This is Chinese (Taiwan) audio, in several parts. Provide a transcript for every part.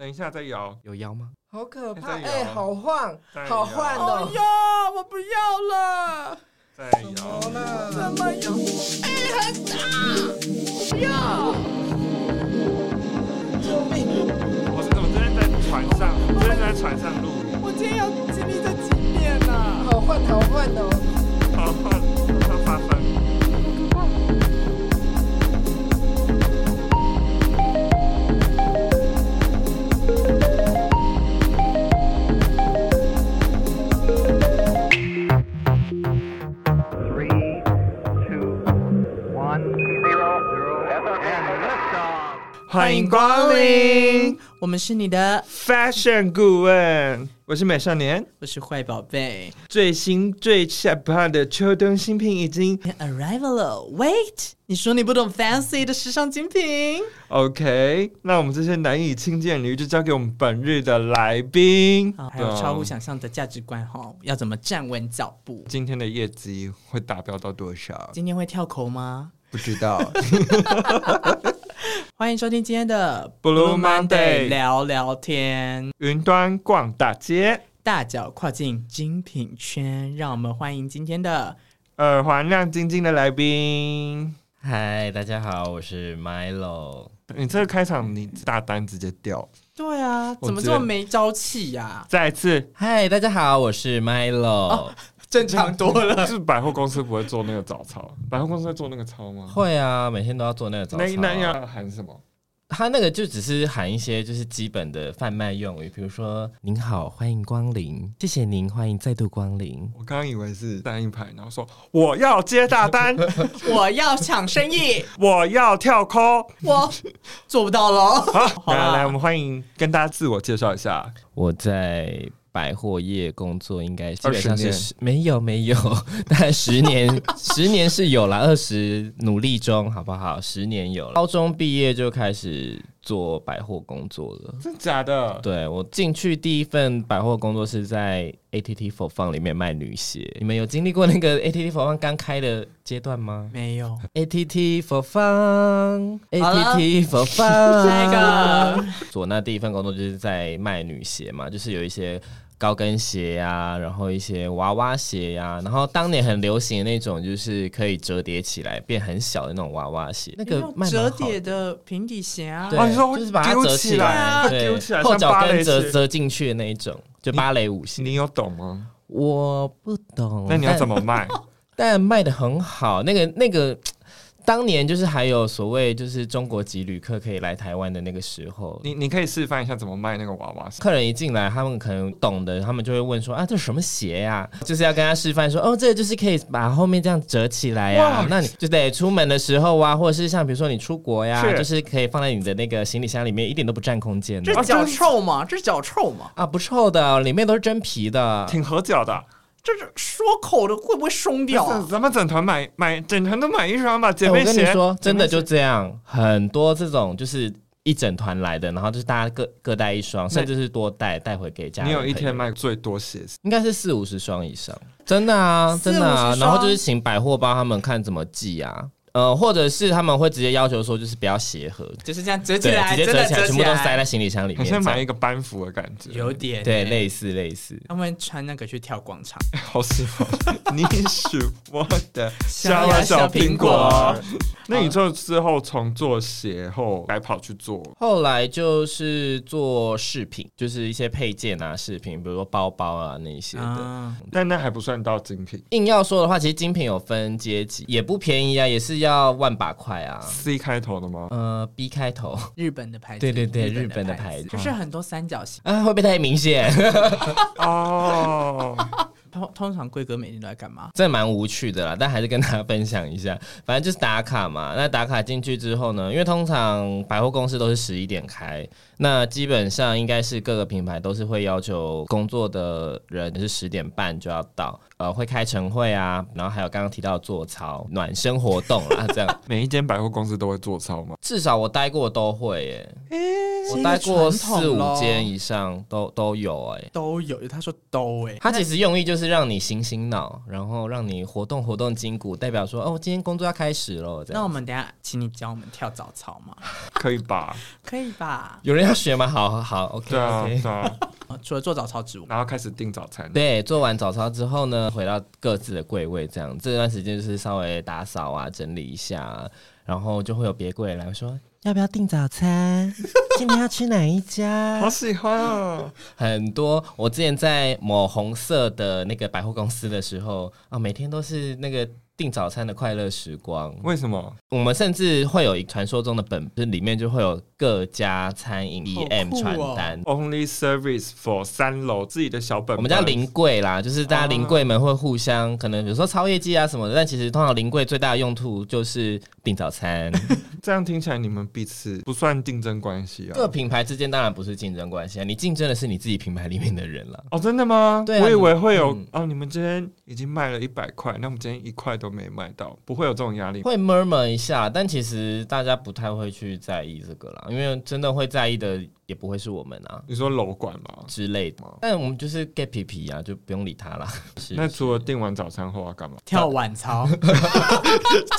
等一下再搖，有搖嗎？好可怕！哎、欸欸，好晃，好晃哦！喲、oh，我不要了！再搖呢？怎麼搖？哎、欸，很大！不、啊、要、啊啊！救命！我是怎麼、啊、我真的在船上，我今天在船上錄，我今天要經歷這幾遍啊！好晃，好晃的哦！好晃。歡迎，歡迎光臨，我們是你的 fashion 顧問。我是美少年，我是壞寶貝。最新最扯不的秋冬新品已經、In、arrival 了。Wait，你說你不懂 fancy 的時尚精品？OK，那我們這些難以聽見的，就交給我們本日的來賓。還有超乎想象的價值觀哈、哦，要怎麼站穩腳步？今天的業績會達標到多少？今天會跳口嗎？不知道。 歡迎收聽今天的 Blue Monday，聊聊天，雲端逛大街，大腳跨進精品圈。讓我們歡迎今天的耳環亮晶晶的來賓。嗨，大家好，我是 Milo。你這個開場，你大單直接掉。對啊，怎麼這麼沒朝氣呀、啊？再一次，嗨，大家好，我是 Milo。Oh, 正常多了、嗯。是百貨公司不會做那個早操， 百貨公司在做那個操嗎？會啊，每天都要做那個早操、啊。那那要喊什麼？他那個就只是喊一些就是基本的販賣用語，比如說“您好，歡迎光臨，謝謝您，歡迎再度光臨。”我剛剛以為是單硬盤，然後說：“我要接大單， 我要搶生意，我要跳 call， 我做不到嘍。啊”好，來來，我們歡迎跟大家自我介紹一下，我在。百貨業工作應該基本上是沒有沒有，但十年 十年是有了，二十努力中好不好？十年有了，高中畢業就開始。做百貨工作的，真的假的？對，我進去第一份百貨工作是在 ATT Four Fun 裡面賣女鞋。你們有經歷過那個 ATT Four Fun 剛開的階段嗎？沒有。ATT Four Fun。ATT Four Fun， 這個做那第一份工作就是在賣女鞋嘛，就是有一些。高跟鞋呀、啊，然後一些娃娃鞋呀、啊，然後當年很流行的那種，就是可以折疊起來變很小的那種娃娃鞋，那個折疊的平底鞋啊，對，啊、就是把它折起來，啊，對丟起來，後腳跟折折進去的那一種，就芭蕾舞鞋你，你有懂嗎？我不懂。那你要怎麼賣？但， 但賣得很好，那個那個。當年就是還有所謂就是中國籍旅客可以來台灣的那個時候，你你可以示範一下怎麼賣那個娃娃。客人一進來，他們可能懂的，他們就會問說：“啊，這是什麼鞋呀、啊？”就是要跟他示範說：“哦，這個就是可以把後面這樣折起來呀。”那你就得出門的時候啊，或者是像比如說你出國呀、啊，就是可以放在你的那個行李箱裡面，一點都不占空間。這腳臭嗎？這腳臭嗎？啊，不臭的，裡面都是真皮的，挺合腳的。就是說口的會不會鬆掉是？咱們整團買買，整團都買一雙吧，姐妹鞋、欸、我跟你說真的就這樣，很多這種就是一整團來的，然後就是大家各各帶一雙，甚至是多帶帶、欸、回給家。你有一天賣最多鞋子，應該是四五十雙以上，真的啊，真的啊。然後就是請百貨幫他們看怎麼寄啊。呃，或者是他們會直接要求說，就是不要鞋盒，就是這樣折起來，直接折起、起來，全部都塞在行李箱裡面，你好像買一個班服的感覺，有點、欸、對，類似類似。他們穿那個去跳廣場，好喜歡，你是我的小小小，小蘋果。 那你就之、之後重做鞋後，來跑去做、啊。後來就是做飾品，就是一些配件啊，飾品，比如說包包啊那些的、啊，但那還不算到精品。硬要說的話，其實精品有分階級，也不便宜啊，也是。要萬把塊啊？C 開頭的嗎？呃，B 開頭，日本的牌子。對對對，日本的牌子，就是很多三角形啊，啊，會不會太明顯？哦。 Oh. 通，通常貴格每天都在幹嘛？這蠻無趣的啦，但還是跟大家分享一下。反正就是打卡嘛。那打卡進去之後呢？因為通常百貨公司都是十一點開，那基本上應該是各個品牌都是會要求工作的人是十點半就要到。呃，會開晨會啊，然後還有剛剛提到做操、暖身活動啊， 這樣。每一間百貨公司都會做操嗎？至少我待過都會、欸，哎、欸。我待過四五間以上都都有哎、欸，都有。他說都哎、欸，他其實用意就是讓你醒醒腦，然後讓你活動活動筋骨，代表說哦，今天工作要開始了。那我們等下請你教我們跳早操嘛？ 可以吧？可以吧？有人要學嗎？好好，OK。對啊、OK，除了做早操之外，然後開始訂早餐。對，做完早操之後呢，回到各自的櫃位這樣，這段時間就是稍微打掃啊，整理一下，然後就會有別櫃來說。要不要訂早餐？ 今天要去哪一家？好喜歡啊！ 很多，我之前在某紅色的那個百貨公司的時候啊，每天都是那個。訂早餐的快樂時光。為什麼？我們甚至會有一傳說中的本，就是、裡面就會有各家餐飲、oh, EM 傳單、啊、Only service for 三樓自己的小本本。我們叫臨櫃啦，就是大家臨櫃們會互相、uh, 可能比如說超業績啊什麼的，但其實通常臨櫃最大的用途就是訂早餐。 這樣聽起來你們彼此不算競爭關係啊？各品牌之間當然不是競爭關係啊，你競爭的是你自己品牌裡面的人了。哦，真的嗎？對，我以為會有哦、嗯啊，你們今天已經賣了一百塊，那我們今天一塊都。沒買到，不會有這種壓力，會 murmur 一下，但其實大家不太會去在意這個啦，因為真的會在意的。也不會是我們啊，你說樓管嘛之類的嘛、哦。但我們就是 get 皮皮啊，就不用理他了。那除了訂完早餐後要幹嘛？跳晚操？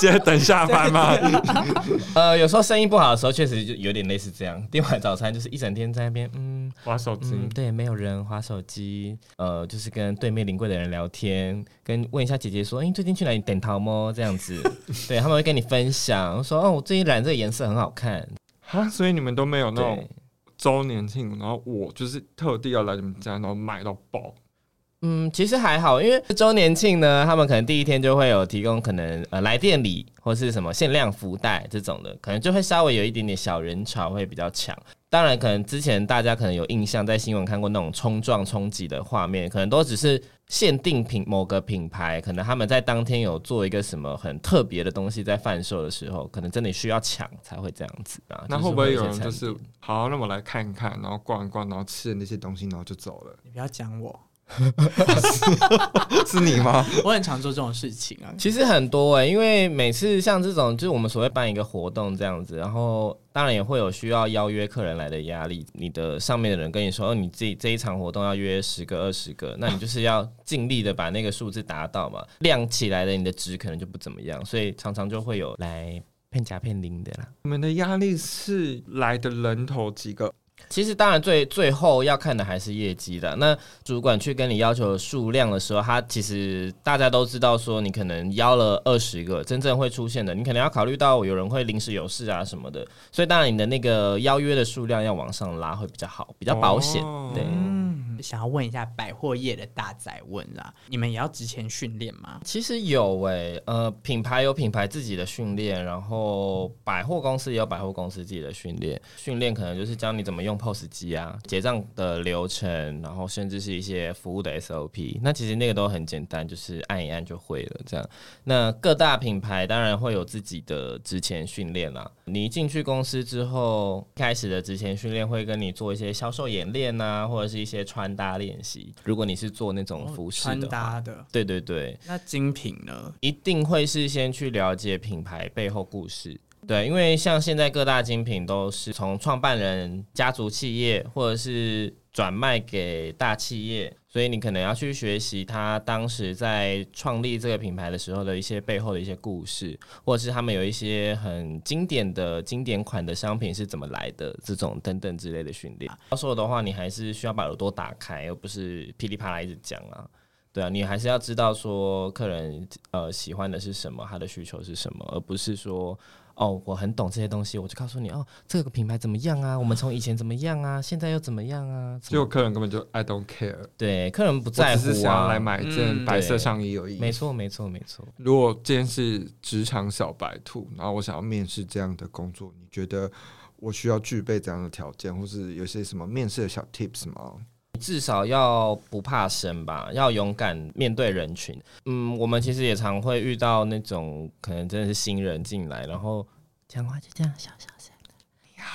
直 接 等下班嗎？對對對 呃，有時候生意不好的時候，確實就有點類似這樣。訂完早餐就是一整天在那邊，嗯，划手機、嗯。對，沒有人划手機。呃，就是跟對面臨櫃的人聊天，跟問一下姐姐說：“哎、欸，最近去哪裡點桃麼？”這樣子。 對，他們會跟你分享說：“哦，我最近染這個顏色很好看啊。哈”所以你們都沒有那種。週年慶，然後我就是特地要來你們家，然後買到爆。嗯，其實還好，因為週年慶呢，他們可能第一天就會有提供可能呃來店禮或是什麼限量福袋這種的，可能就會稍微有一點點小人潮會比較強。當然，可能之前大家可能有印象，在新聞看過那種衝撞衝擊的畫面，可能都只是。限定品，某個品牌，可能他們在當天有做一個什麼很特別的東西在販售的時候，可能真的需要搶才會這樣子。那會不會有人就是好，那我來看一看，然後逛一逛，然後吃的那些東西，然後就走了？你不要講我。 是是，你嗎？ 我很常做這種事情啊。其實很多誒、欸，因為每次像這種，就是我們所謂辦一個活動這樣子，然後當然也會有需要邀約客人來的壓力。你的上面的人跟你說，哦、你自己這一場活動要約十個、二十個，那你就是要盡力的把那個數字達到嘛。亮起來的，你的值可能就不怎麼樣，所以常常就會有來騙假、騙零的啦。你們的壓力是來的人頭幾個？其實當然最最後要看的還是業績的。那主管去跟你要求數量的時候，他其實大家都知道說，你可能邀了二十個，真正會出現的，你可能要考慮到有人會臨時有事啊什麼的。所以當然你的那個邀約的數量要往上拉會比較好，比較保險，哦。對。想要問一下百貨業的大哉問啦，啊，你們也要職前訓練嗎？其實有誒、欸，呃，品牌有品牌自己的訓練，然後百貨公司也有百貨公司自己的訓練。訓練可能就是教你怎麼用 POS 機啊，結賬的流程，然後甚至是一些服務的 SOP。那其實那個都很簡單，就是按一按就會了這樣。那各大品牌當然會有自己的職前訓練啦。你一進去公司之後，開始的職前訓練會跟你做一些銷售演練啊，或者是一些傳。搭練習，如果你是做那種服飾的搭的，對對對。那精品呢，一定會事先去了解品牌背後故事，對，因為像現在各大精品都是從創辦人家族企業，或者是轉賣給大企業。所以你可能要去學習他當時在創立這個品牌的時候的一些背後的一些故事，或者是他們有一些很經典的經典款的商品是怎麼來的這種等等之類的訓練、啊。要說的話，你還是需要把耳朵打開，而不是噼里啪啦一直講啊，對啊，你還是要知道說客人呃喜歡的是什麼，他的需求是什麼，而不是說。哦，我很懂這些東西，我就告訴你哦，這個品牌怎麼樣啊？我們從以前怎麼樣啊？ 現在又怎麼樣啊？所以客人根本就 I don't care。對，客人不在乎，啊，我只是想要來買一件，嗯、白色上衣有意義。沒錯，沒錯，沒錯。如果今天是職場小白兔，然後我想要面試這樣的工作，你覺得我需要具備怎樣的條件，或是有些什麼面試的小 tips 嗎？至少要不怕生吧，要勇敢面對人群。嗯，我們其實也常會遇到那種可能真的是新人進來，然後講話就這樣小小聲。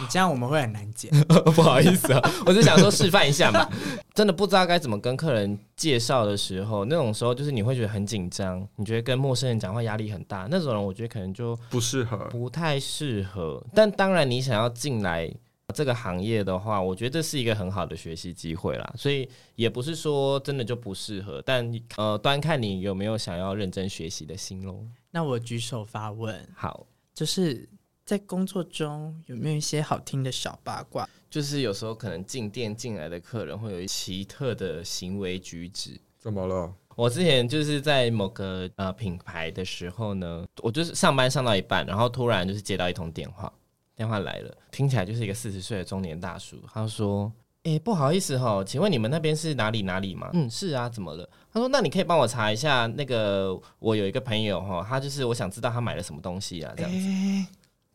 你這樣我們會很難接。 不好意思啊，我就想說示範一下嘛。真的不知道該怎麼跟客人介紹的時候，那種時候就是你會覺得很緊張，你覺得跟陌生人講話壓力很大。那種人我覺得可能就不適合，不太適合。但當然，你想要進來，這個行業的話，我覺得這是一個很好的學習機會啦，所以也不是說真的就不適合，但呃，端看你有沒有想要認真學習的心嘍。那我舉手發問，好，就是在工作中有沒有一些好聽的小八卦？就是有時候可能進店進來的客人會有一奇特的行為舉止，怎麼了？我之前就是在某個呃品牌的時候呢，我就是上班上到一半，然後突然就是接到一通電話。電話來了，聽起來就是一個四十歲的中年大叔。他說：“誒、欸，不好意思哈，請問你們那邊是哪裡哪裡嗎？嗯，是啊，怎麼了？”他說：“那你可以幫我查一下，那個我有一個朋友哈，他就是我想知道他買了什麼東西啊，這樣子。欸”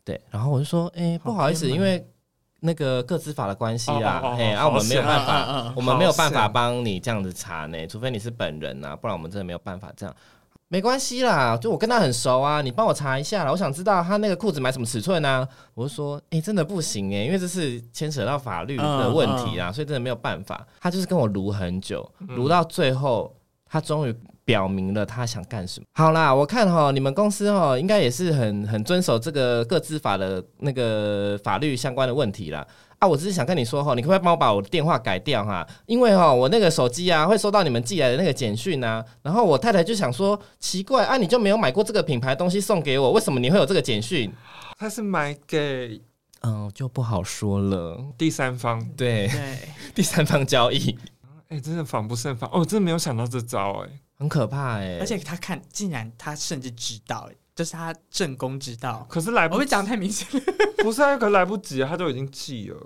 對，然後我就說：“誒、欸，好不好意思，因為那個個資法的關係啦、啊，哎、啊啊啊欸啊，我們沒有辦法，啊啊、我們沒有辦法幫你這樣子查呢，除非你是本人吶、啊，不然我們真的沒有辦法這樣。”沒關係啦，就我跟他很熟啊，你幫我查一下啦，我想知道他那個褲子買什麼尺寸呢、啊？我就說，哎、欸，真的不行哎、欸，因為這是牽扯到法律的問題啊，uh, uh. 所以真的沒有辦法。他就是跟我盧很久，盧到最後，他終於表明了他想幹什麼。好啦，我看哈、喔，你們公司哈、喔，應該也是很很遵守這個個資法的那個法律相關的問題啦。啊，我只是想跟你說哈，你可不可以幫我把我的電話改掉哈、啊，因為哈，我那個手機啊會收到你們寄來的那個簡訊、啊、然後我太太就想說，奇怪啊，你就沒有買過這個品牌的東西送給我，為什麼你會有這個簡訊？他是買給……嗯，就不好說了。第三方，對對，第三方交易。哎、欸，真的防不勝防哦，真的沒有想到這招哎，很可怕哎。而且他看，竟然他甚至知道。這、就是他正宮知道，可是來不及，不會講太明顯。不是，可是來不及，他都已經記了。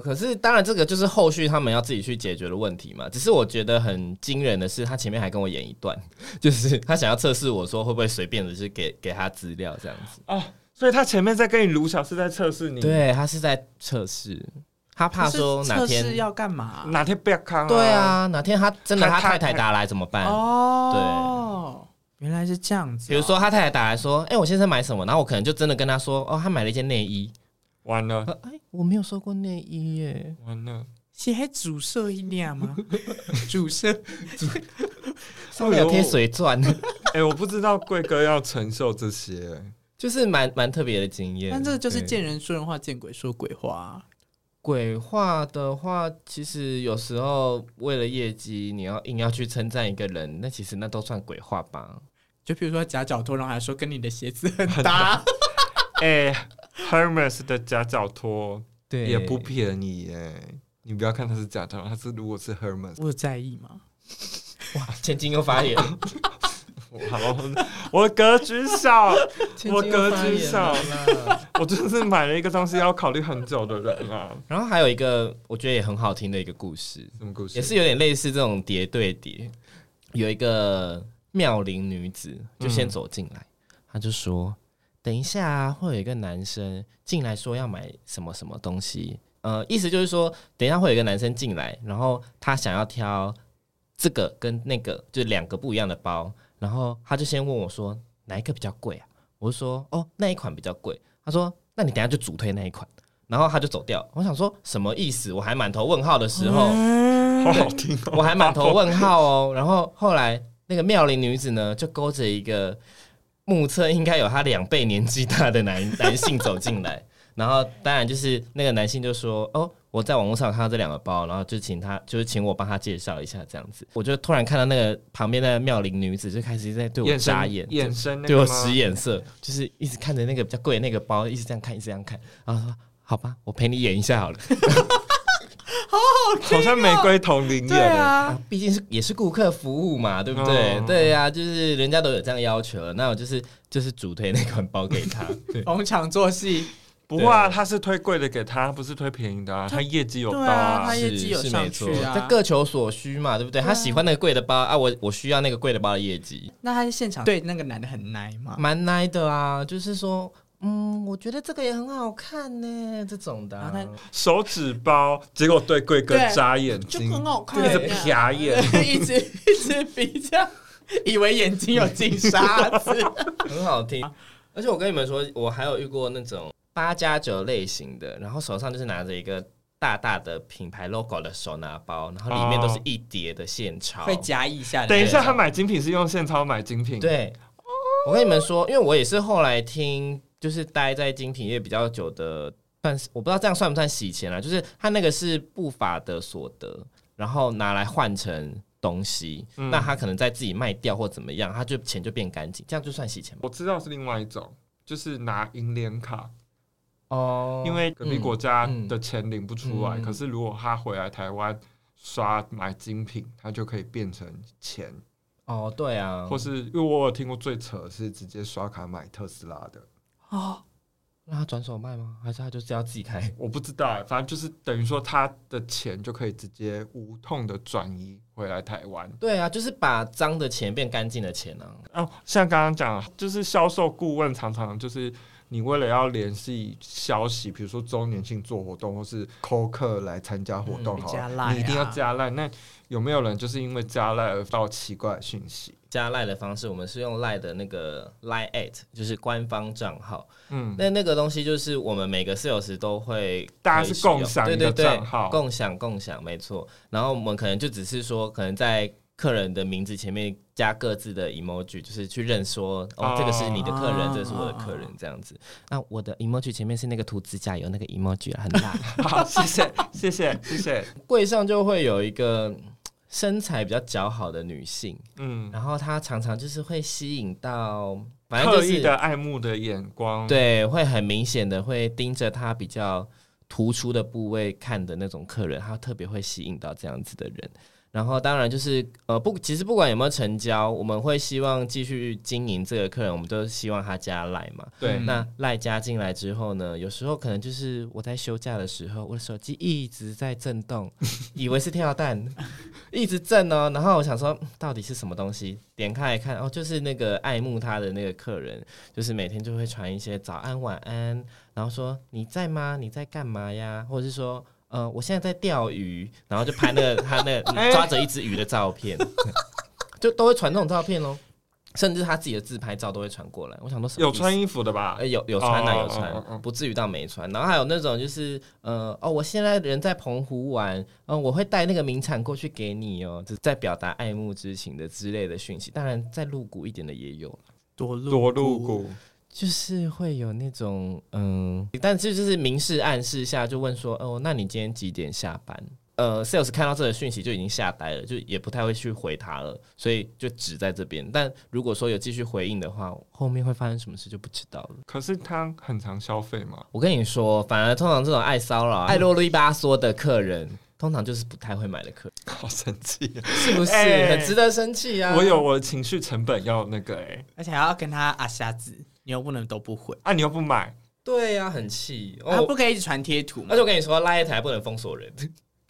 可是當然，這個就是後續他們要自己去解決的問題嘛。只是我覺得很驚人的是，他前面還跟我演一段，就是他想要測試我說會不會隨便只是給給他資料這樣子。哦，所以他前面在跟你盧小是在測試你？對，他是在測試，他怕說哪天是要幹嘛，哪天不要看，對啊，哪天他真的他太太打來怎麼辦？哦，對。原來是這樣子，喔。比如說，他太太打來說：“哎、欸，我先生買什麼？”然後我可能就真的跟他說：“哦、喔，他買了一件內衣。”完了。哎、欸，我沒有說過內衣耶、欸。完了。是還主色一點嗎？ 主色。上面有貼水鑽。哎我我、欸，我不知道櫃哥要承受這些、欸， 就是蠻蠻特別的經驗。但這個就是見人說人話，見鬼說鬼話，啊。鬼話的話，其實有時候為了業績，你要硬要去稱讚一個人，那其實那都算鬼話吧。就比如說夾腳拖，然後還說跟你的鞋子很搭。哎、欸、 ，Hermès 的夾腳拖，也不便宜哎、欸。你不要看它是假的，它是如果是 Hermès，我有在意嗎？哇，千 金又發言。好 了，我格局小， 我格局小了。我就是買了一個東西要考慮很久的人啊。然後還有一個我覺得也很好聽的一個故事，什麼故事？也是有點類似這種諜對諜，有一個。妙齡女子就先走進來，她、嗯、就說：“等一下、啊、會有一個男生進來說要買什麼什麼東西。”呃，意思就是說，等一下會有一個男生進來，然後他想要挑這個跟那個，就兩個不一樣的包。然後他就先問我說：“哪一個比較貴啊？”我說：“哦，那一款比較貴。”他說：“那你等一下就主推那一款。”然後他就走掉。我想說什麼意思？我還滿頭問號的時候，嗯、好好聽、喔，我還滿頭問號哦、喔。然後後來。那個妙齡女子呢，就勾着一個目測應該有她兩倍年紀大的男 男性走進來，然後當然就是那個男性就說：“哦，我在網絡上看到這兩個包，然後就請他，就是請我幫他介紹一下這樣子。”我就突然看到那個旁邊的妙齡女子就開始一直在對我眨眼、眼神，眼神對我使眼色，就是一直看着那個比較貴的那個包，一直這樣看，一直這樣看，然後說：“好吧，我陪你演一下好了。 ”好好好像玫瑰同齡人。啊，畢竟是也是顧客服務嘛，對不對？對呀、啊，就是人家都有這樣要求，那我就是就是主推那款包給他，逢 場作戲。不過、啊、他是推貴的給他，不是推便宜的啊。他業績有、啊，對、啊、他業績有上、啊。他各求所需嘛，對不對？他喜歡那個貴的包啊，我我需要那個貴的包的業績。那他現場對那個男的很耐嘛，蠻 nice 的啊，就是說。嗯，我覺得這個也很好看呢，這種的、啊啊，手指包，結果對櫃哥眨眼睛就，就很好看對對對、嗯，一直瞟眼，一直一直比較 以為眼睛有金沙子， 很好聽、啊。而且我跟你們說，我還有遇過那種八加九類型的，然後手上就是拿着一個大大的品牌 logo 的手拿包，然後裡面都是一疊的現鈔，會、哦、夾一下。等一下，他買精品是用現鈔買精品？對、哦，我跟你們說，因為我也是後來聽。就是待在精品業比較久的，但是我不知道這樣算不算洗錢啊？就是他那個是不法的所得，然後拿來換成東西，嗯、那他可能在自己賣掉或怎麼樣，他就錢就變乾淨，這樣就算洗錢嗎？我知道是另外一種，就是拿銀聯卡哦，因為隔壁國家的錢領不出來，嗯嗯、可是如果他回來台灣刷買精品、嗯，他就可以變成錢哦。對啊，或是因為我有聽過最扯的是直接刷卡買特斯拉的。啊、哦，那他轉手賣嗎？還是他就是要自己開？我不知道，反正就是等於說他的錢就可以直接無痛的轉移回來台灣。對啊，就是把髒的錢變乾淨的錢呢、啊。哦，像剛剛講，就是銷售顧問常常就是你為了要聯繫消息，比如說周年慶做活動，或是扣客來參加活動、嗯啊好，你一定要加賴、啊。那有沒有人就是因為加賴而到奇怪的訊息？加賴的方式，我們是用賴的那個賴 at，就是官方賬號。嗯，那那個東西就是我們每個 sales 都會，大家是共享的，對對對，共享共享，沒錯。然後我們可能就只是說，可能在客人的名字前面加各自的 emoji，就是去認說哦，哦，這個是你的客人，哦，這是我的客人，啊，這樣子。那我的 emoji 前面是那個塗指甲油那個 emoji，很大。 好，謝謝， 謝謝，謝謝，謝謝。櫃上就會有一個。身材比較姣好的女性，嗯，然後她常常就是會吸引到，反正就是特意的愛慕的眼光，對，會很明顯的會盯着她比較突出的部位看的那種客人，她特別會吸引到這樣子的人。然後，當然就是呃，不，其實不管有沒有成交，我們會希望繼續經營這個客人，我們都希望他加賴嘛。對。那賴加進來之後呢，有時候可能就是我在休假的時候，我的手機一直在震動，以為是跳蛋， 一直震哦。然後我想說，到底是什麼東西？點開一看，哦，就是那個愛慕他的那個客人，就是每天就會傳一些早安、晚安，然後說你在嗎？你在幹嘛呀？或者是說。嗯、呃，我現在在釣魚，然後就拍那個他那個嗯、抓着一只魚的照片， 就都會傳這種照片哦。甚至他自己的自拍照都會傳過來。我想都是有穿衣服的吧？呃、有有穿的、啊，有穿，嗯嗯嗯不至於到沒穿。然後還有那種就是，嗯、呃，哦，我現在人在澎湖玩，嗯，我會帶那個名產過去給你哦，就是在表達愛慕之情的之類的訊息。當然，再露骨一點的也有，多露多露骨。就是會有那種嗯，但這就是明示暗示下就問說哦，那你今天幾點下班？呃，Sales 看到這個訊息就已經嚇呆了，就也不太會去回他了，所以就只在這邊。但如果說有繼續回應的話，後面會發生什麼事就不知道了。可是他很常消費嗎？我跟你說，反而通常這種愛騷擾、愛囉里吧嗦的客人，通常就是不太會買的客人，好生氣、啊，是不是？欸、很值得生氣啊！我有我的情緒成本要那個哎、欸，而且還要跟他啊下子。你又不能都不回啊！你又不買，對呀、啊，很氣、啊。哦，不可以一直傳貼圖嗎？而且我跟你說，拉一台不能封鎖人，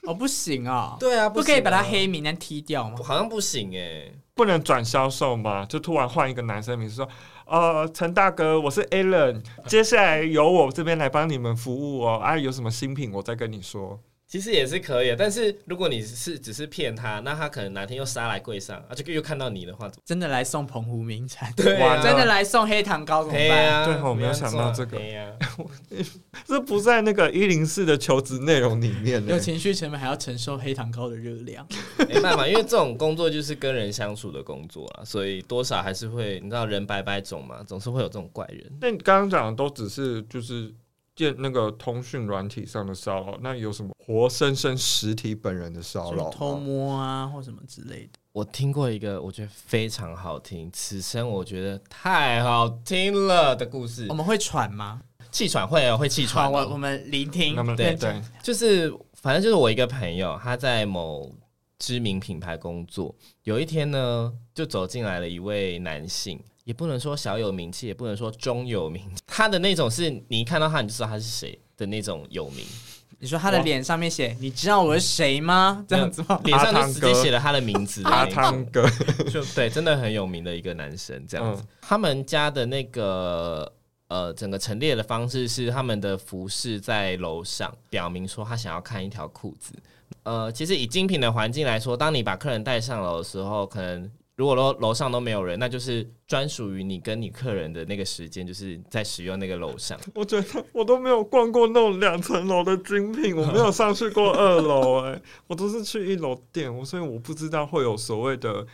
哦，不行啊、哦！對啊，不行，不可以把他黑名單踢掉嗎？好像不行哎、欸，不能轉銷售嘛。就突然換一個男生名字說：“呃，陳大哥，我是 Alan 接下來由我這邊來幫你們服務哦。啊，有什麼新品，我再跟你說。”其實也是可以的，但是如果你是只是騙他，那他可能哪天又殺來櫃上，而、啊、且又看到你的話，真的來送澎湖名產，哇、啊！真的來送黑糖糕可以啊，對，我沒有想到這個，啊、 這不在那個一零四的求職內容裡面、欸。有情緒成本，還要承受黑糖糕的熱量， 沒辦法，因為這種工作就是跟人相處的工作啊，所以多少還是會，你知道人百百種嘛，總是會有這種怪人。那你剛剛講的都只是就是。在那個通訊軟體上的騷擾，那有什麼活生生實體本人的騷擾？就是、偷摸啊，或什麼之類的。我聽過一個我覺得非常好聽，此生我覺得太好聽了的故事。我們會喘嗎？氣喘會啊，會氣喘喔。喘了。我們我們聆聽。對對，對，對，就是反正就是我一個朋友，他在某知名品牌工作。有一天呢，就走進來了一位男性。也不能說小有名氣，也不能說中有名。他的那種是你一看到他你就知道他是誰的那種有名。你說他的臉上面寫，你知道我是誰嗎、嗯、嗎？這樣子，臉上就直接寫了他的名字的。阿湯哥，就對，真的很有名的一個男生。這樣子，嗯、他們家的那個呃，整個陳列的方式是他們的服飾在樓上，表明說他想要看一條褲子。呃，其實以精品的環境來說，當你把客人帶上樓的時候，可能。如果樓樓上都沒有人，那就是專屬於你跟你客人的那個時間，就是在使用那個樓上。我覺得我都沒有逛過那種兩層樓的精品，我沒有上去過二樓，欸，哎， 我都是去一樓店，我所以我不知道會有所謂的。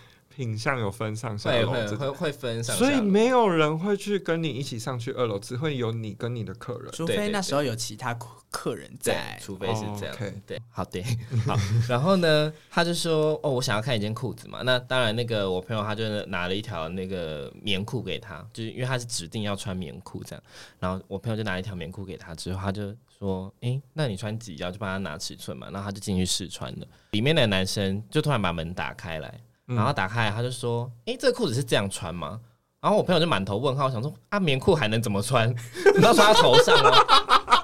影像有分上下樓，會有會，有會分上下。所以沒有人會去跟你一起上去二樓，只會有你跟你的客人。對對對對，除非那時候有其他客客人在，除非是這樣，哦 okay。對，好的，好。 然後呢，他就說：“哦，我想要看一件褲子嘛。”那當然，那個我朋友他就拿了一條那個棉褲給他，就是因為他是指定要穿棉褲這樣。然後我朋友就拿了一條棉褲給他之後，他就說：“誒、欸，那你穿幾腰就幫他拿尺寸嘛。”然後他就進去試穿了。裡面的男生就突然把門打開來。嗯、然後打開，他就說：“哎、欸，這個褲子是這樣穿嗎？”然後我朋友就滿頭問號，我想說：“啊，棉褲還能怎麼穿？你知道穿到頭上嗎？”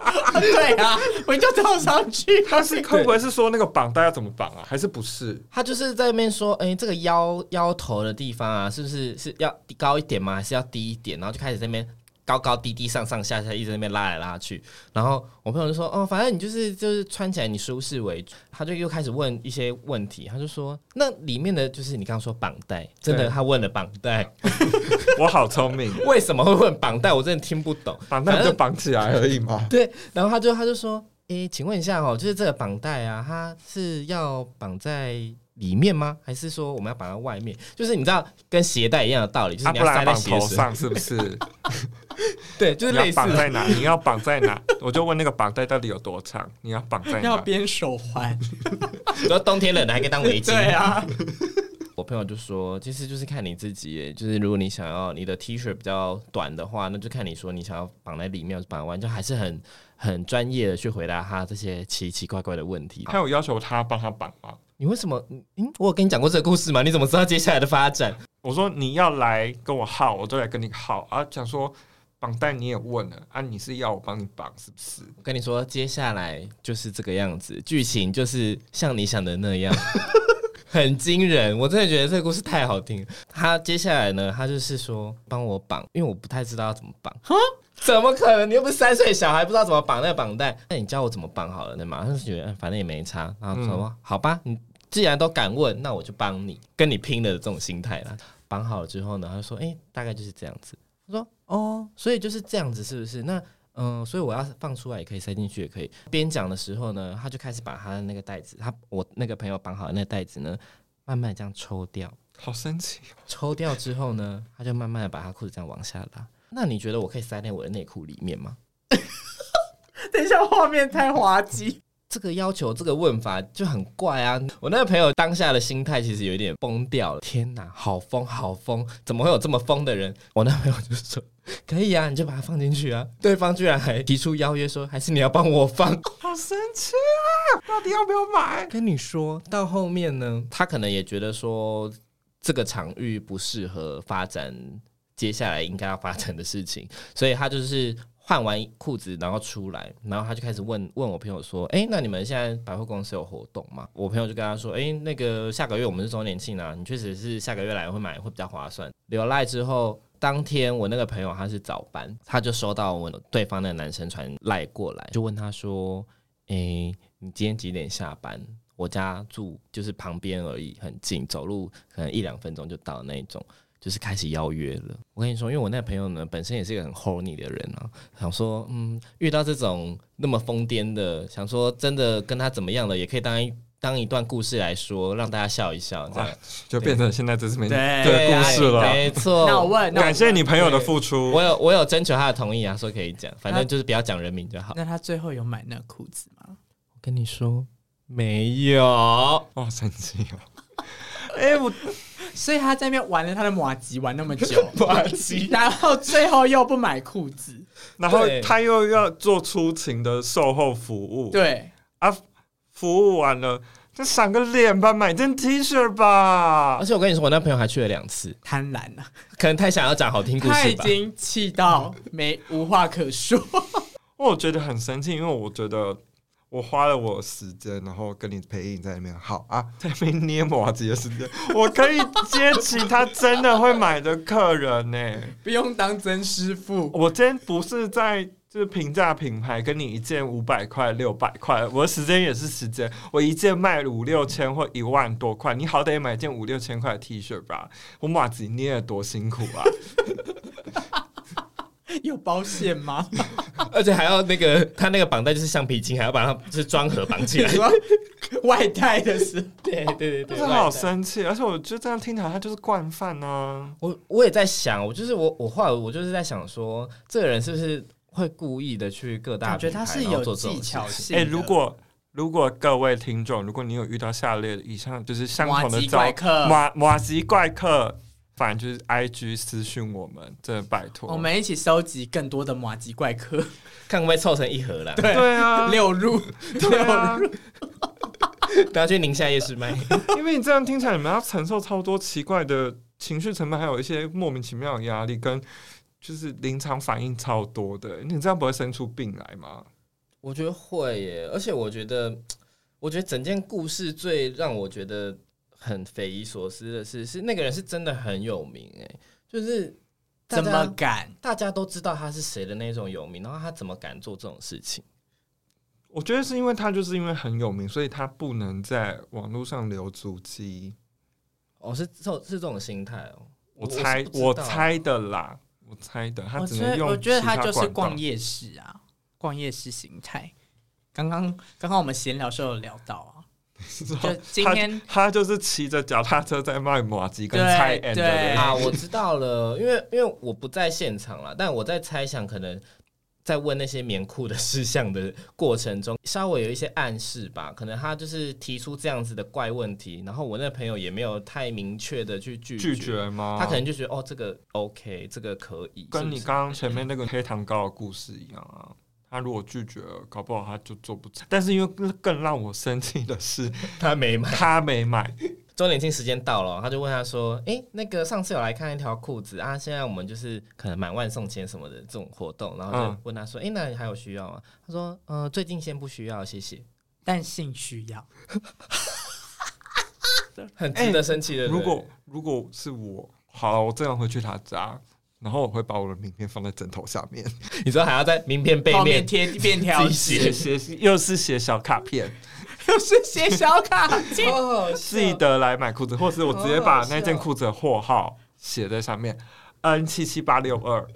對啊，我就套上去。他是會不會是說那個綁帶要怎麼綁啊，還是不是？他就是在那邊說：“哎、欸，這個腰腰頭的地方啊，是不是是要高一點嗎？還是要低一點？”然後就開始在那邊。高高低低，上上下下，一直在那邊拉來拉去，然後我朋友就說：“哦，反正你就是就是穿起來你舒適為主。”他就又開始問一些問題，他就說：“那裡面的就是你剛剛說綁帶，真的？”他問了綁帶， 我好聰明， 為什麼會問綁帶？我真的聽不懂，綁帶就綁起來而已嘛。對，然後他就他就說：“欸，請問一下喔，就是這個綁帶啊，它是要綁在？”裡面嗎？還是說我們要綁在外面？就是你知道，跟鞋帶一樣的道理，就是你要塞在鞋，啊不然要綁頭上，是不是？ 對，就是類似在哪？你要綁在哪？ 我就問那個綁帶到底有多長？你要綁在哪？要編手環，主 要冬天冷的還可以當圍巾。對啊， 我朋友就說，其實就是看你自己，就是如果你想要你的 T 恤比較短的話，那就看你說你想要綁在裡面還是綁完，就還是很很專業的去回答他這些奇奇怪怪的問題。還有要求他幫他綁嗎？你為什麼？嗯，我有跟你講過這個故事嗎？你怎麼知道接下來的發展？我說，你要來跟我耗，我就來跟你耗啊。講說綁帶你也問了啊，你是要我幫你綁是不是？我跟你說，接下來就是這個樣子，劇情就是像你想的那樣。 很驚人，我真的覺得這個故事太好聽了。他接下來呢，他就是說幫我綁，因為我不太知道要怎麼綁。哈，怎麼可能？你又不是三歲小孩，不知道怎麼綁那個綁帶？那、欸、你教我怎麼綁好了，對嗎？他就覺得反正也沒差，然後說、嗯、好吧，你既然都敢問，那我就幫你，跟你拼了的這種心態了。綁好了之後呢，他就說誒、欸，大概就是這樣子。他說哦，所以就是這樣子，是不是？那。嗯，所以我要放出來也可以，塞進去也可以。邊講的時候呢，他就開始把他的那個袋子，他我那個朋友綁好的那個袋子呢，慢慢這樣抽掉。好神奇！抽掉之後呢，他就慢慢的把他褲子這樣往下拉。那你覺得我可以塞在我的內褲裡面嗎？ 等一下，畫面太滑稽。 這個要求，這個問法就很怪啊！我那個朋友當下的心態其實有一點崩掉了。天哪，好瘋，好瘋！怎麼會有這麼瘋的人？我那個朋友就說。可以啊，你就把它放進去啊！對方居然還提出邀約說，說還是你要幫我放，好神奇啊！到底要不要買？跟你說到後面呢，他可能也覺得說這個場域不適合發展接下來應該要發展的事情，所以他就是換完褲子然後出來，然後他就開始問問我朋友說：“哎、欸，那你們現在百貨公司有活動嗎？”我朋友就跟他說：“哎、欸，那個下個月我們是周年慶啊，你確實是下個月來會買會比較划算。”留 Line 之後。當天我那個朋友他是早班，他就收到我對方的男生傳賴過來，就問他說：“誒、欸，你今天幾點下班？我家住就是旁邊而已，很近，走路可能一兩分鐘就到那一種，就是開始邀約了。”我跟你說，因為我那個朋友呢，本身也是一個很 horny 的人啊，想說，嗯，遇到這種那麼瘋癲的，想說真的跟他怎麼樣了，也可以當當一段故事來說，讓大家笑一笑，這樣就變成現在這支名對,對,對故事了，沒錯。那、no no、我問，感謝你朋友的付出，我有我有徵求他的同意，啊，說可以講，反正就是不要講人名就好。那他最後有買那個褲子嗎？我跟你說沒有，哦，神奇哦、啊。哎 欸，我所以他在那邊玩了他的麻糬玩那麼久麻糬， 然後最後又不買褲子，然後他又要做出勤的售後服務，對。服務完了，再賞個臉吧，買件 T 恤吧。而且我跟你說，我那朋友還去了兩次，貪婪啊，可能太想要講好聽故事。他已經氣到沒 無話可說。我覺得很生氣，因為我覺得我花了我時間，然後跟你陪影在裡面。好啊，在被捏自這些時間 我可以接其他真的會買的客人呢？欸，不用當真師傅。我今天不是在就是平價品牌，跟你一件五百塊、六百塊，我的時間也是時間，我一件賣五六千或一萬多塊，你好歹也買一件五六千塊的 T 恤吧，我麻糬你捏得多辛苦啊！ 有保險險嗎？ 而且還要那個，他那個綁帶就是橡皮筋，還要把它就是裝盒綁起來， 外帶的是 對，對，對對對，他是好生氣，而且我就這樣聽起來，他就是慣犯啊！我我也在想，我就是我我話我就是在想說，這個人是不是？會故意的去各大，我覺得他是有技巧性。哎、欸，如果如果各位聽眾，如果你有遇到下列的以上就是相同的招客麻麻糬怪客，反正就是 IG 私訊我們，真的拜託，我們一起收集更多的麻糬怪客，看會不會湊成一盒啦。對啊，六入六入，不要去寧夏夜市買，啊、 因為你這樣聽起來你們要承受超多奇怪的情緒成本，還有一些莫名其妙的壓力跟。就是臨場反應超多的，你這樣不會生出病來嗎？我覺得會耶，而且我覺得，我覺得整件故事最讓我覺得很匪夷所思的是，是那個人是真的很有名耶，就是怎麼敢？大家都知道他是誰的那種有名，然後他怎麼敢做這種事情？我覺得是因為他就是因為很有名，所以他不能在網絡上留足跡。哦，是這，是這種心態哦、喔。我猜，我，我猜的啦。我猜的，他只能用我。我覺得他就是逛夜市啊，逛夜市型態。剛剛剛剛我們閒聊時候有聊到啊，就，是、就今天他，他就是騎着腳踏車在賣麻糬跟菜。對。對啊，我知道了，因為因為我不在現場了，但我在猜想可能，在問那些棉褲的事項的過程中，稍微有一些暗示吧，可能他就是提出這樣子的怪問題，然後我那朋友也沒有太明確的去拒絕拒絕嗎？他可能就覺得哦，這個 OK，這個可以，跟你剛剛前面那個黑糖糕的故事一樣啊。 他如果拒絕了，搞不好他就做不成。但是因為更讓我生氣的是，他沒買，他沒買。周年慶時間到了，他就問他說：“哎、欸，那個上次有來看一條褲子啊，現在我們就是可能滿萬送錢什麼的這種活動，然後就問他說：‘哎、嗯，那、欸、你還有需要嗎、啊？’他說：‘嗯、呃，最近先不需要，謝謝。’但性需要， 很值得生氣的、欸。如果如果是我，好了，我這樣回去他家，然後我會把我的名片放在枕頭下面，你說還要在名片背面，面貼便條寫 寫寫，寫寫，又是寫小卡片。”就 是寫小卡，記 記得來買褲子 好好笑，或是我直接把那件褲子的貨號寫在上面。N、嗯、七七八六二，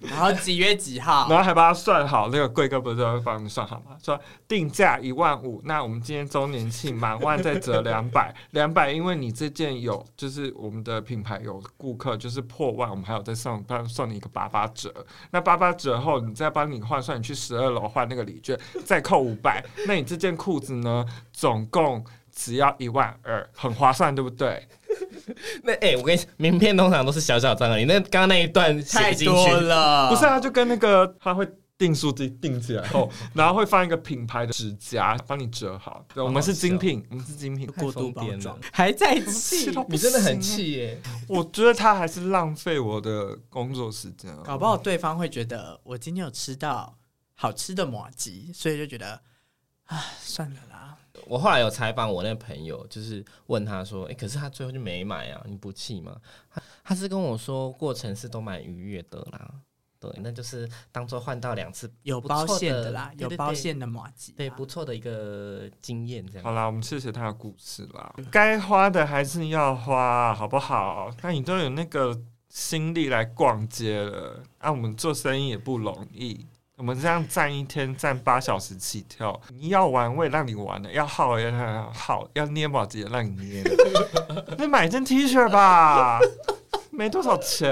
然後幾月幾號？然後還幫他算好，那個貴哥不是幫你算好嗎？說定價一萬五，那我們今天周年慶滿萬再折兩百， 兩百，因為你這件有，就是我們的品牌有顧客就是破萬，我們還有再送幫送你一個八八折，那八八折後你再幫你換算，你去十二樓換那個禮券再扣五百，那你這件褲子呢，總共。只要一萬二，很划算，對不對？ 那誒、欸，我跟你講，名片通常都是小小張而已。那剛剛那一段太多了，不是？啊，就跟那個他會訂書機訂起來， 然後會放一個品牌的紙夾幫你折好， 我好，好。我們是精品，我們是精品，過度包裝還在氣， 你真的很氣耶！ 我覺得他還是浪費我的工作時間、啊。搞不好對方會覺得我今天有吃到好吃的麻糬，所以就覺得啊，算了啦。我後來有採訪我那朋友，就是問他說：“誒、欸，可是他最後就沒買啊？你不氣嗎？”他他是跟我說過程是都蠻愉悅的啦，對，那就是當做換到兩次不錯的，有包餡的啦，有,有包餡的麻糬、啊，對，不錯的一個經驗這樣。好啦，我們謝謝他的故事啦，該 花的還是要花，好不好？那你都有那個心力來逛街了，啊，我們做生意也不容易。我們這樣站一天，站八小時起跳。你要玩，我也讓你玩的；要耗也好，要捏爆直接讓你捏。那 買一件 T 恤吧， 沒多少錢。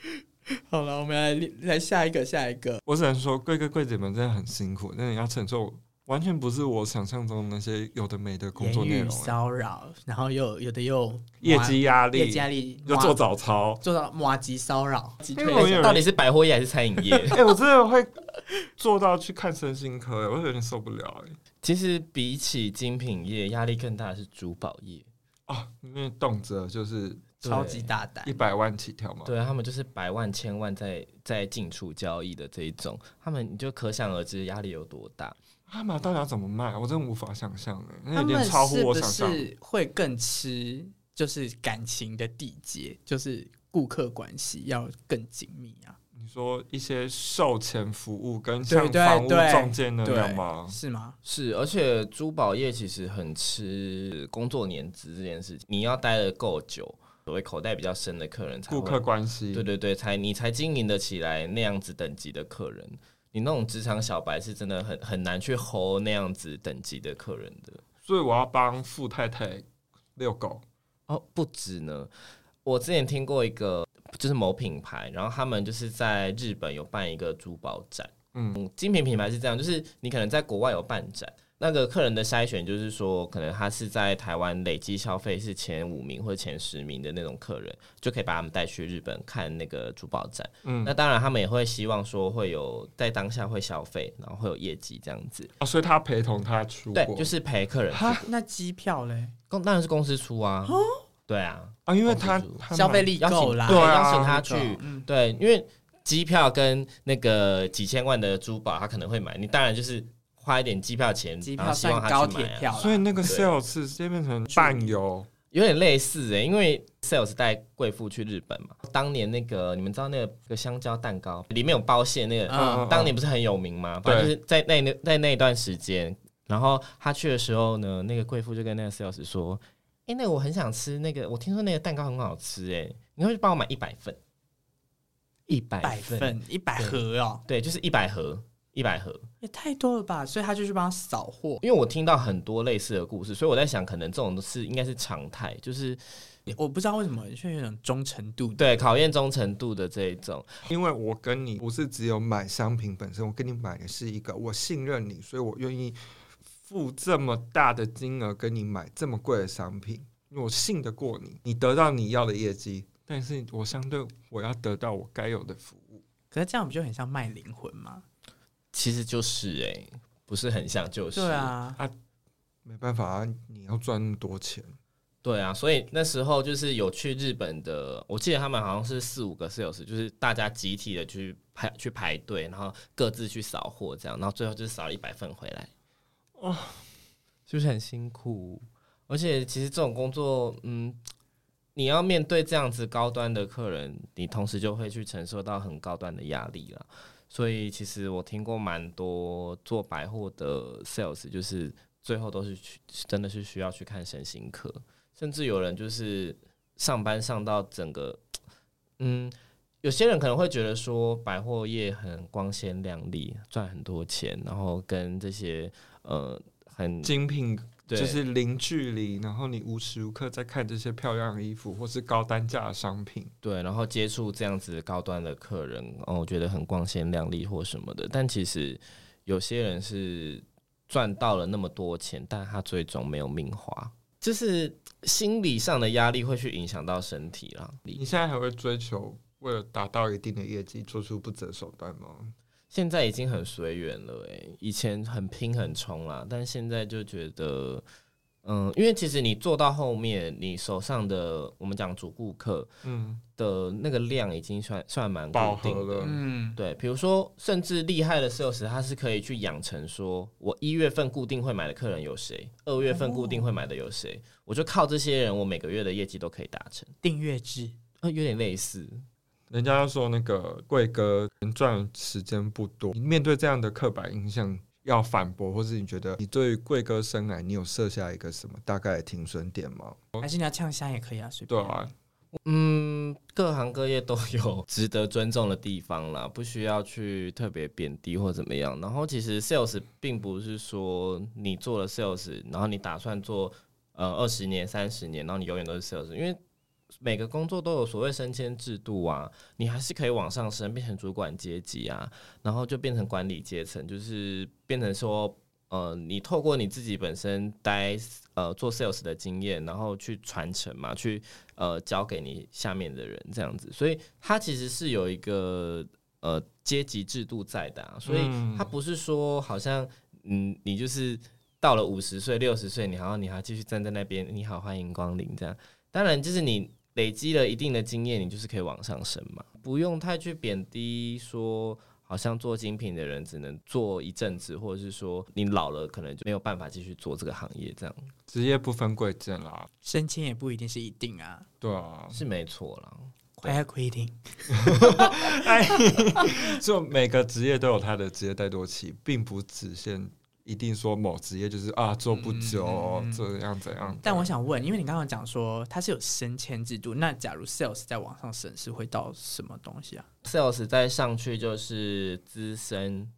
好了，我們來來下一個，下一個。我只能說，櫃哥櫃姐們真的很辛苦，但你要承受。完全不是我想象中的那些有的沒的工作內容、欸，騷擾，然後又有，有的又業績壓力、業績壓力又做早操，做到麻糬騷擾。因為到底是百貨業還是餐飲業？哎、欸，我真的會做到去看身心科、欸， 我有點受不了、欸。哎，其實比起精品業，壓力更大的是珠寶業哦，因為動輒就是超級大膽，一百萬起跳嘛。對啊，他們就是百萬、千萬在在進出交易的這一種，他們你就可想而知壓力有多大。他們、啊，到底要怎麼賣？我真的無法想象哎，那有點超乎我想象他們是不是會更吃就是感情的締結，就是顧客關係要更緊密啊？你說一些售前服務跟像房屋中介的有沒有，這樣嗎？是嗎？是，而且珠寶業其實很吃工作年資這件事情，你要待的夠久，所謂口袋比較深的客人才，顧客關係，對對對，才你才經營得起來那樣子等級的客人。你那種職場小白是真的很很難去 hold 那樣子等級的客人的，所以我要幫富太太遛狗。哦，不止呢。我之前聽過一個，就是某品牌，然後他們就是在日本有辦一個珠寶展。嗯。精品品牌是這樣，就是你可能在國外有辦展。那個客人的篩選就是說，可能他是在台灣累計消費是前五名或前十名的那種客人，就可以把他們帶去日本看那個珠寶展。嗯，那當然他們也會希望說會有在當下會消費，然後會有業績這樣子啊。所以他陪同他出，對，就是陪客人出。啊，那機票嘞？公，當然是公司出啊。哦，對啊，啊，因為他，他消費力要夠啦，邀請、啊、請他去。啊，嗯，對，因為機票跟那個幾千萬的珠寶，他可能會買。你當然就是。花一點機票錢，然後希望他去買，所以那個 sales 直接變成伴遊，有點類似誒、欸。因為 sales 帶貴婦去日本嘛，當年那個你們知道那個香蕉蛋糕裡面有包餡那個，當年不是很有名嗎？反正就是在那那那一段時間，然後他去的時候呢，那個貴婦就跟那個 sales 說：“哎，那個我很想吃那個，我聽說那個蛋糕很好吃誒、欸，你會幫我買一百份，一百份，一百盒哦？對，就是一百盒，喔。”一百盒也太多了吧，所以他就去幫他掃貨。因為我聽到很多類似的故事，所以我在想，可能這種都是應該是常態。就是我不知道為什麼，確實有種忠誠度。對，考驗忠誠度的這一種。因為我跟你不是只有買商品本身，我跟你買的是一個，我信任你，所以我願意付這麼大的金額跟你買這麼貴的商品，因為我信得過你。你得到你要的業績，但是我相對我要得到我該有的服務。可是這樣不就很像賣靈魂嗎？其實就是哎、欸，不是很想就是對啊，啊，沒辦法啊，你要賺那麼多錢，對啊，所以那時候就是有去日本的，我記得他們好像是四五個室友是，就是大家集體的去排去排隊，然後各自去掃貨這樣，然後最後就是掃一百份回來，啊、哦，是、就、不是很辛苦？而且其實這種工作，嗯，你要面對這樣子高端的客人，你同時就會去承受到很高端的壓力了。所以其實我聽過蠻多做百貨的 sales，就是最後都是去，真的是需要去看身心科，甚至有人就是上班上到整個，嗯，有些人可能會覺得說百貨業很光鮮亮麗，賺很多錢，然後跟這些呃很精品。就是零距離，然後你無時無刻在看這些漂亮的衣服或是高單價的商品，對，然後接觸這樣子高端的客人，哦，我覺得很光鮮亮麗或什麼的。但其實有些人是賺到了那麼多錢，但他最終沒有命花，就是心理上的壓力會去影響到身體了。你現在還會追求為了達到一定的業績，做出不擇手段嗎？現在已經很隨緣了誒、欸，以前很拼很衝啦，但現在就覺得，嗯，因為其實你做到後面，你手上的我們講主顧客，嗯，的那個量已經算算蠻固定的，嗯，對，比如說甚至厲害的時候時，時他是可以去養成說，我一月份固定會買的客人有誰，二月份固定會買的有誰、哦，我就靠這些人，我每個月的業績都可以達成。訂閱制，呃，有點類似。人家要說那個櫃哥能賺的時間不多，你面對這樣的刻板印象，要反駁，或是你覺得你對於櫃哥生涯，你有設下一個什麼大概停損點嗎？還是你要嗆蝦也可以啊，隨便對啊。對，嗯，各行各業都有值得尊重的地方啦，不需要去特別貶低或怎麼樣。然後其實 sales 並不是說你做了 sales，然後你打算做呃二十年、三十年，然後你永遠都是 sales，因為。每個工作都有所謂升遷制度啊，你還是可以往上升，變成主管階級啊，然後就變成管理階層，就是變成說，呃，你透過你自己本身待呃做 sales 的經驗，然後去傳承嘛，去呃交給你下面的人這樣子，所以它其實是有一個呃階級制度在的啊，所以它不是說好像嗯你就是到了五十歲、六十歲，你好像你還繼續站在那邊，你好歡迎光臨這樣，當然就是你。累積了一定的經驗，你就是可以往上升嘛，不用太去貶低說，好像做精品的人只能做一陣子，或者是說你老了可能就沒有辦法繼續做這個行業這樣。職業不分貴賤啦，升遷也不一定是一定啊。對啊，是沒錯啦，快要規定。 哎、 所以每個職業都有他的職業怠惰期，並不只限。一定說某職業就是啊，做不久、嗯嗯、這樣怎樣？但我想問，因為你剛剛講說它是有升遷制度，那假如 sales 再往上升，是會到什麼東西啊？Sales 再上去就是資深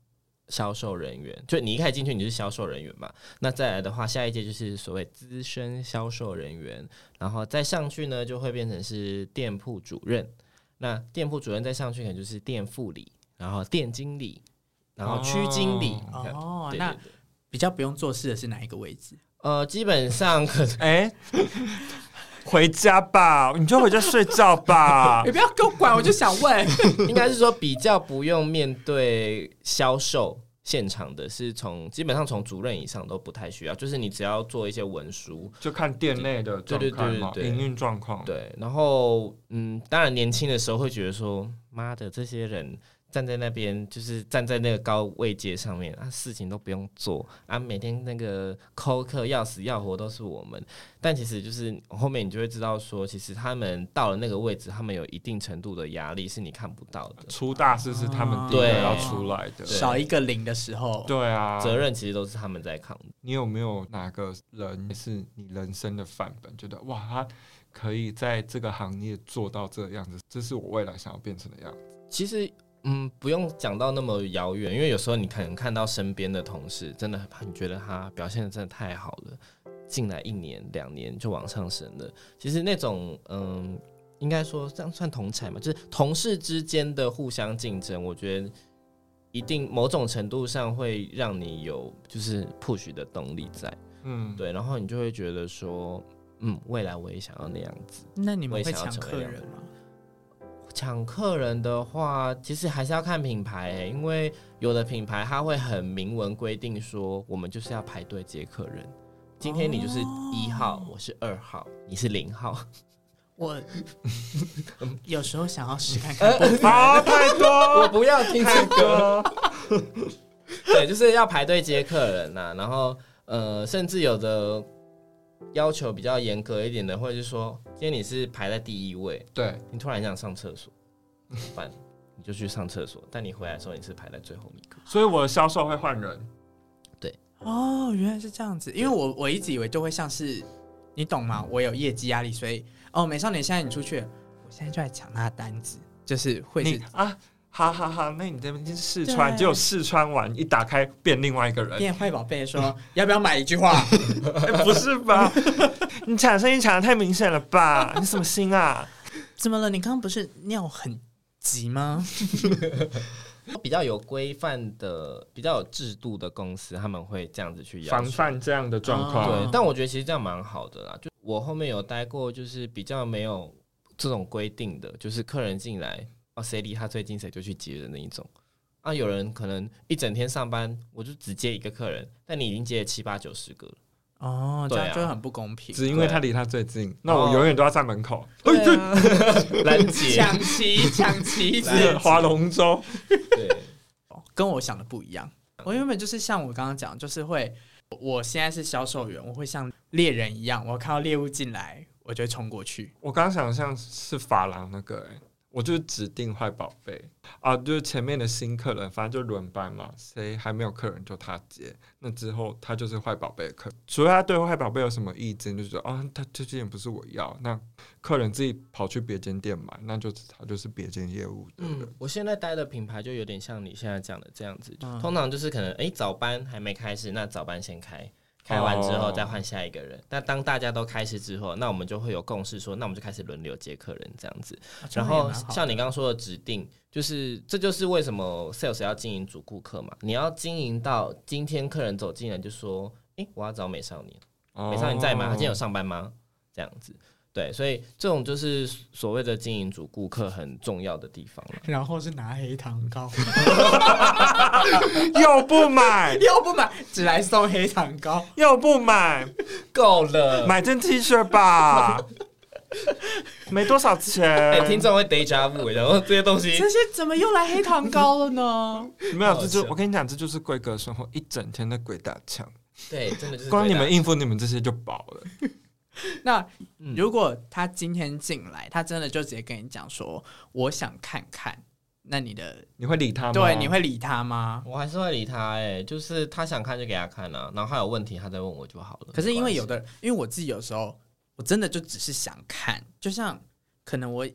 銷售人員，就你一開始進去你就是銷售人員嘛？那再來的話，下一屆就是所謂資深銷售人員，然後再上去呢，就會變成是店鋪主任。那店鋪主任再上去，可能就是店副理，然後店經理，然後區經理。哦，那、嗯。哦對對對對。比較不用做事的是哪一個位置？呃，基本上可哎、欸， 回家吧，你就回家睡覺吧， 你不要給我管，我就想問， 應該是說比較不用面對銷售現場的，是從基本上從主任以上都不太需要，就是你只要做一些文書，就看店內的狀況，對對對對對營運狀況，對，然後嗯，當然年輕的時候會覺得說，媽的這些人。站在那邊，就是站在那個高位階上面啊，事情都不用做啊，每天那個扣客、要死要活都是我們。但其實就是後面你就會知道說，說其實他們到了那個位置，他們有一定程度的壓力是你看不到的。出大事是他們第一個要出來的、啊，少一個零的時候，對啊，責任其實都是他們在扛。你有沒有哪個人是你人生的範本？覺得哇，他可以在這個行業做到這樣子，這是我未來想要變成的樣子。其實。嗯，不用講到那麼遙遠，因為有時候你可能看到身邊的同事，真的很怕，你覺得他表現的真的太好了，進來一年兩年就往上升了。其實那種，嗯，應該說這樣算同儕嘛，就是同事之間的互相競爭，我覺得一定某種程度上會讓你有就是 push 的動力在，嗯，對，然後你就會覺得說，嗯，未來我也想要那樣子，那你們會搶客人嗎？搶客人的話，其實還是要看品牌、欸，因為有的品牌它會很明文規定說，我們就是要排隊接客人。今天你就是一號，oh. 我是二號，你是零號。我有時候想要試看看、 嗯。我、嗯、太多， 我不要聽這個。 對，就是要排隊接客人吶、啊。然後，呃，甚至有的。要求比較嚴格一點的，或者是說，今天你是排在第一位，對你突然想上廁所，怎麼辦？ 你就去上廁所。但你回來的時候，你是排在最後一個，所以我的銷售會換人。對，哦，原來是這樣子，因為我我一直以為就會像是，你懂嗎？我有業績壓力，所以哦，美少年現在你出去、嗯，我現在就在搶他的單子，就是會是啊。哈，哈哈哈，那你這邊就試穿，結果試穿完一打開變另外一個人。變壞寶貝說、嗯：“要不要買？”一句話、 欸，不是吧？ 你搶生意搶的太明顯了吧？ 你什麼心啊？怎麼了？你剛剛不是尿很急嗎？ 比較有規範的、比較有制度的公司，他們會這樣子去要求防範這樣的狀況、哦。對，但我覺得其實這樣蠻好的啦。就我後面有待過，就是比較沒有這種規定的就是客人進來。哦，誰離他最近，誰就去接的那一種、啊。有人可能一整天上班，我就只接一個客人，但你已經接了七八九十個了。哦，這樣就很不公平。啊、只因為他離他最近，那我永遠都要站門口。哦哎、對，來接搶旗，搶旗子，划龍舟。對，哦，跟我想的不一樣。我原本就是像我剛剛講，就是會，我現在是銷售員，我會像獵人一樣，我看到獵物進來，我就會衝過去。我剛想像是法郎那個、欸。我就指定壞寶貝啊，就是前面的新客人，反正就輪班嘛，誰還沒有客人就他接，那之後他就是壞寶貝的客人。除非他對壞寶貝有什麼意見，就是說啊，他這件不是我要，那客人自己跑去別間店買，那就他就是別間業務對。嗯，我現在待的品牌就有點像你現在講的這樣子、嗯，通常就是可能誒、欸，早班還沒開始，那早班先開。開完之後再換下一個人。那、哦，當大家都開始之後，那我們就會有共識說，說那我們就開始輪流接客人這樣子。啊、然後像你剛剛說的指定，就是這就是為什麼 sales 要經營主顧客嘛。你要經營到今天客人走進來就說：“哎、欸，我要找美少年，美少年在嗎？她、哦、今天有上班嗎？”這樣子。對，所以這種就是所謂的經營主顧客很重要的地方了。然後是拿黑糖糕， 又不買，又不買，只來送黑糖糕，又不買，夠了，買件 T 恤吧！ 沒多少錢，欸、聽眾會 deja vu，然後這些東西，這些怎麼又來黑糖糕了呢？ 沒有，這就我跟你講，這就是櫃哥生活一整天的鬼打牆。對，真的就是，光你們應付你們這些就飽了。 那如果他今天進來、嗯，他真的就直接跟你講說：“我想看看。”那你的你會理他嗎？對，你會理他嗎？我還是會理他、欸。哎，就是他想看就給他看啊，然後他有問題，他再問我就好了。可是因為有的人，因為我自己有時候我真的就只是想看，就像可能我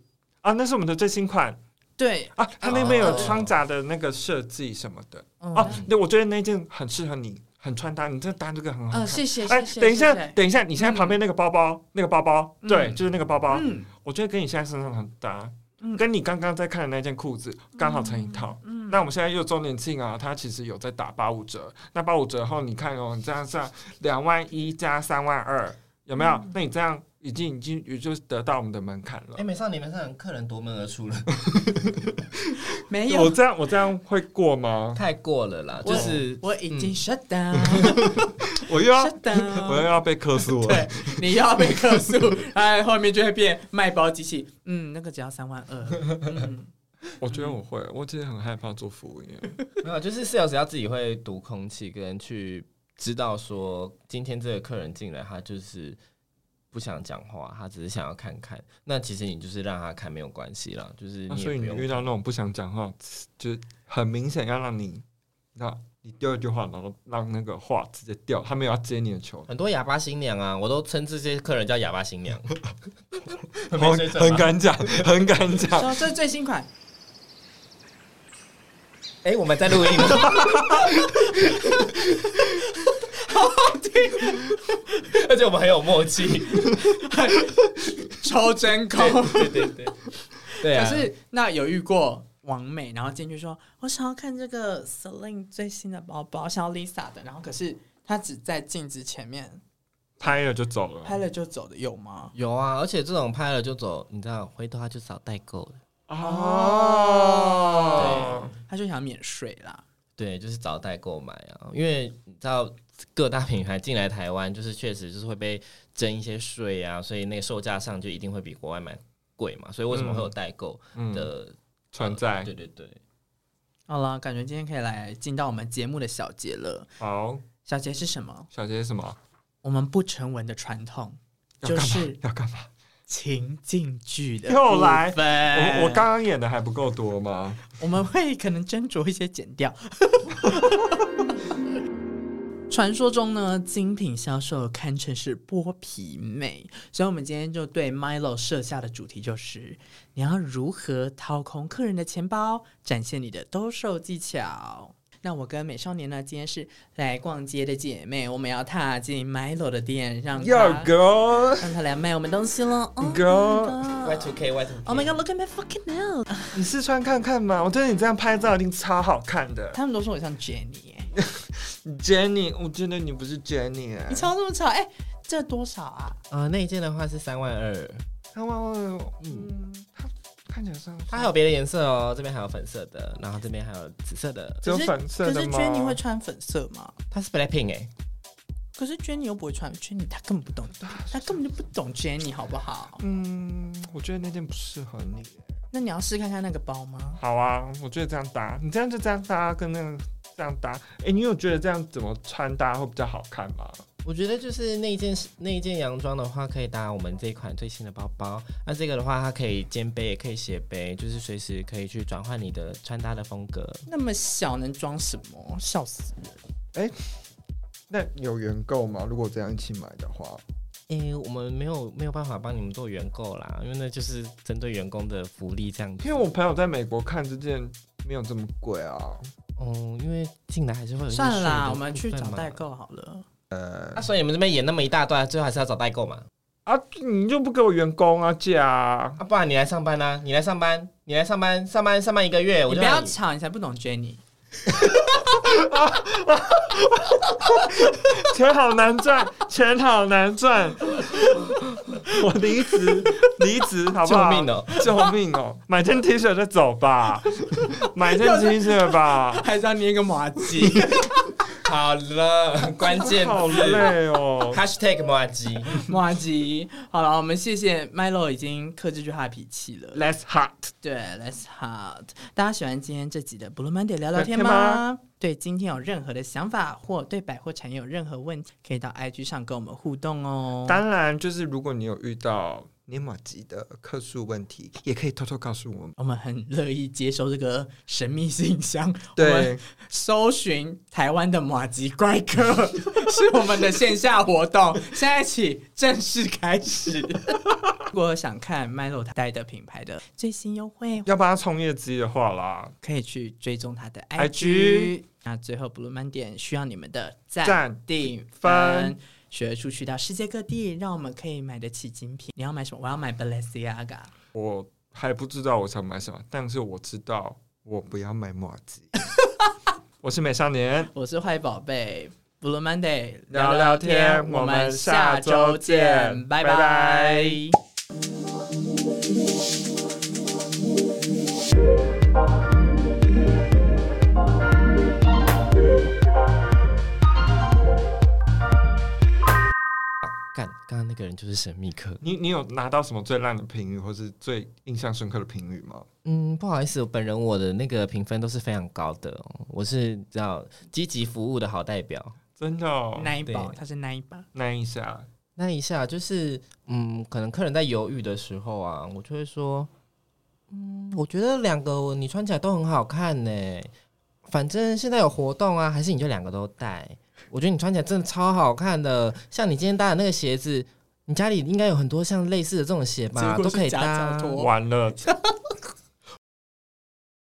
啊，那是我們的最新款。對啊，他、哦、那邊有窗夾的那個設計什麼的、嗯、啊。那我覺得那件很適合你。很穿搭，你這搭這個很好看。嗯、呃，謝謝，哎、欸，等一下謝謝，等一下，你現在旁邊那個包包、嗯，那個包包，對、嗯，就是那個包包。嗯，我覺得跟你現在身上很搭，嗯、跟你剛剛在看的那件褲子剛好成一套。嗯，那我們現在又周年慶啊，它其實有在打八五折。那八五折後，你看哦，你這樣算，兩萬一加三萬二，有沒有、嗯？那你這樣。已經已經也就是得到我們的門檻了。哎、欸，美少，你馬上客人奪門而出了， 沒有？我這樣我這樣會過嗎？太過了啦！就是我已經、嗯、shut down， 我又要，shut down，我又要被客訴了。 對，你又要被客訴，哎， 後面就會變賣包機器。嗯，那個只要三萬二、嗯。我覺得我會，嗯、我真的很害怕做服務員。 沒有，就是四小時要自己會讀空氣，跟去知道說今天這個客人進來，他就是。不想講話，他只是想要看看。那其實你就是讓他看沒有關係啦，就是。那所以你遇到那種不想講話，就很明顯要讓你，那你丟一句話，然後讓那個話直接掉，他沒有要接你的球。很多啞巴新娘啊，我都稱這些客人叫啞巴新娘， 很很敢講，很敢講、 啊。這是最新款。哎、欸，我們在錄音。 而且我們很有默契， 超真空高笑。對，對對對，對啊，可是那有遇過網美，然後進去說：“我想要看這個 Celine 最新的包包，想要 Lisa 的。”然後可是他只在鏡子前面拍了就走了，拍了就走的有嗎？有啊。而且這種拍了就走，你知道，回頭他就找代購了，哦，對啊。他就想免稅啦。對，就是找代購買啊，因為你知道。各大品牌進來台灣，就是確實就是會被徵一些稅啊，所以那個售價上就一定會比國外買貴嘛，所以為什麼會有代購的、嗯嗯、存在、呃？對對對，好了，感覺今天可以來進到我們節目的小節了。好，小節是什麼？小節是什麼？我們不成文的傳統，就是要幹嘛？就是、情境劇的又來，我我剛剛演的還不夠多嗎？ 我們會可能斟酌一些剪掉。 傳說中呢，精品銷售堪稱是剝皮妹，所以，我們今天就對 Milo 設下的主題就是：你要如何掏空客人的錢包，展現你的兜售技巧？那我跟美少年呢，今天是來逛街的姐妹，我們要踏進 Milo 的店，讓他，girl, 讓他來賣我們東西咯。Go Y2K Y2K。Oh my god，look at my fucking nails。你試穿看看嘛，我覺得你這樣拍照一定超好看的。他們都說我像 Jenny。 Jenny，我覺得你不是 Jenny 啊、欸、你吵這麼吵，哎、欸，這多少啊？呃，那一件的話是三萬二，三萬二。嗯，它看起來像……它還有別的顏色哦，這邊還有粉色的，然後這邊還有紫色的。只有粉色的可是，可是 Jenny 會穿粉色嗎？它是 BLACKPINK 哎、欸，可是 Jenny 又不會穿，Jenny 她根本不懂，她、啊、根本就不懂 Jenny，好不好？嗯，我覺得那件不適合你。那你要試看看那個包嗎？好啊，我覺得這樣搭，你這樣就這樣搭、啊、跟那個。這樣搭，誒、欸，你有覺得這樣怎麼穿搭會比較好看嗎？我覺得就是那一件那一件洋裝的話，可以搭我們這一款最新的包包。那、啊、這個的話，它可以肩背，也可以斜背，就是隨時可以去轉換你的穿搭的風格。那麼小能裝什麼？笑死人！誒、欸！那有員購嗎？如果這樣一起買的話，哎、欸，我們沒有沒有辦法幫你們做員購啦，因為那就是針對員工的福利這樣子。因為我朋友在美國看這件沒有這麼貴啊。哦、嗯，因為進來還是會有算了啦，我們去找代購好了。呃、嗯，那、啊、所以你們這邊演那麼一大段，最後還是要找代購嘛？啊，你就不給我員工啊，假啊，不然你來上班呢、啊？你來上班，你來上班，上班上班一個月，你不要吵，你才不懂 Jenny 錢好難賺，錢好難賺。我離職，離職好不好？救命哦、喔！救命哦、喔！買件 T 恤再走吧，買件 T 恤吧， 還是要捏個馬雞？好了，關鍵 好累哦。Hashtag 摩羯，摩羯。好了，我們謝謝 Milo 已經克制住他的脾氣了。Let's hot，對，Let's hot。大家喜歡今天這集的 Blue Monday 聊聊天嗎？天嗎對，今天有任何的想法或對百貨產業有任何問題，可以到 IG 上跟我們互動哦。當然，就是如果你有遇到。尼麻糬的客數問題，也可以偷偷告訴我們。我們很樂意接受這個神秘信箱。對，搜尋台灣的麻糬怪客 是我們的線下活動， 現在起正式開始。 如果想看 Milo 帶的品牌的最新優惠，要幫他衝業績的話啦，可以去追蹤他的 IG, IG?。那最後，Blue Monday 需要你們的讚定分。分學出去到世界各地，讓我們可以買得起精品。你要買什麼？我要買 Balenciaga。我還不知道我想買什麼，但是我知道我不要買麻糬。 我是美少年，我是壞寶貝。Blue Monday 聊聊天，聊天我們下周見，拜拜。 個人就是神秘客。你你有拿到什麼最爛的評語，或是最印象深刻的評語嗎？嗯，不好意思，我本人我的那個評分都是非常高的。我是叫積極服務的好代表。真的哦？那一把，他是那一把。那一下，那一下就是嗯，可能客人在猶豫的時候啊，我就會說，嗯，我覺得兩個你穿起來都很好看呢、欸。反正現在有活動啊，還是你就兩個都帶？我覺得你穿起來真的超好看的，像你今天搭的那個鞋子。你家裡應該有很多像類似的這種鞋吧，假假，都可以搭。完了。